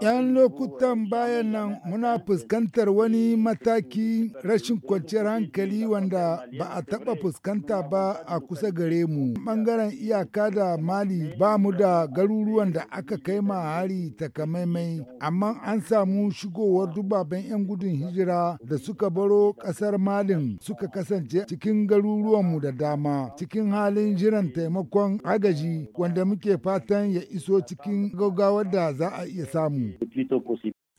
'Yan lokutan bayan nan muna fuskantar wani mataki rashin kwanciyar hankali wanda ba a taɓa fuskanta ba a kusa gare mu. Bangaren iyaka da Mali ba mu da garuruwan da aka kai ma hari takamaimai, amma an samu shigowar dubaban 'yan gudun hijira da suka baro ƙasar Malin suka kasance cikin garuruwan mu da dama, cikin halin jiran taimakon agaji wanda muke fatan ya iso cikin gaggawa da za a iya samu?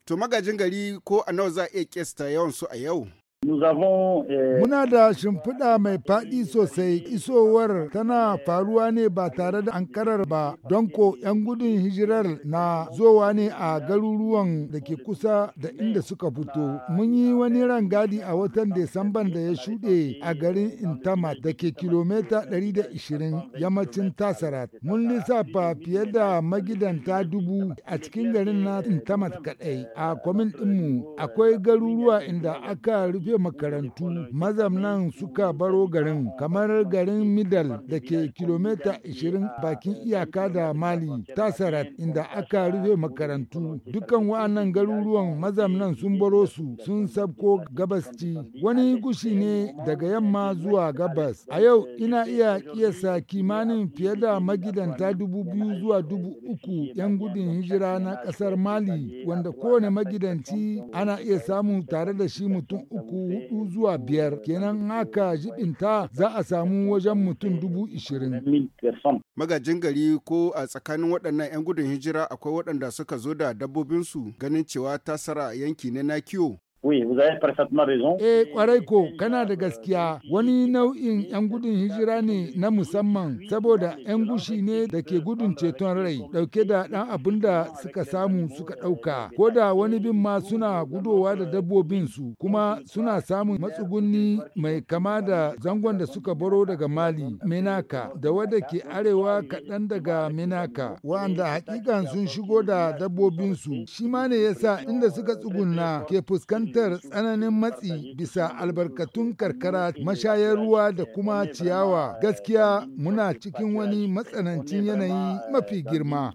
To magajin gari ko a nawa za a iya kesta yawan su a yau? Euh, Muna da shimfiɗa mai faɗi sosai isowar tana faruwa ne ba tare da ankarar ba don ko 'yan gudun hijirar na zowa ne a garuruwan da ke kusa da inda suka fito. Mun yi wani rangadi a watan Desamban da ya shuɗe a garin Intama da ke kilomita 120 yammacin Tasarat. Mun lissafa fiye da magidanta dubu a cikin garin na Intama kaɗai a kwamin ɗinmu akwai garuruwa inda aka rufe makarantu mazamnan suka baro garin kamar garin Midal da ke kilomita 20 bakin iyaka da Mali Tasarat inda aka rufe makarantu dukan wa'annan garuruwan mazamnan sun baro su sun sabko gabasci wani gushi ne daga yamma zuwa gabas a yau ina iya kiyasa kimanin fiye da magidanta dubu biyu zuwa dubu uku 'yan gudun hijira na kasar Mali wanda kowane magidanci ana iya samu tare da shi mutum uku hudu zuwa biyar kenan haka jibinta za a samu wajen mutum dubu ishirin. Magajin gari ko a tsakanin waɗannan 'yan gudun hijira akwai waɗanda suka zo da dabbobinsu ganin cewa tasara yanki ne na kiwo. Eh kwarai ko kana da gaskiya wani nau'in 'yan gudun hijira ne na musamman saboda 'yan gushi ne da ke gudun ceton rai dauke da dan abin da suka samu suka ɗauka. ko da wani bin ma suna gudowa da dabbobin su kuma suna samun matsugunni mai kama da zangon da suka baro daga Mali Menaka da wadda ke arewa kaɗan daga Menaka wanda hakikan sun shigo da dabbobin su shi ma ne yasa inda suka tsugunna ke fuskanta cutar tsananin matsi bisa albarkatun karkara mashayar ruwa da kuma ciyawa gaskiya muna cikin wani matsanancin yanayi mafi girma.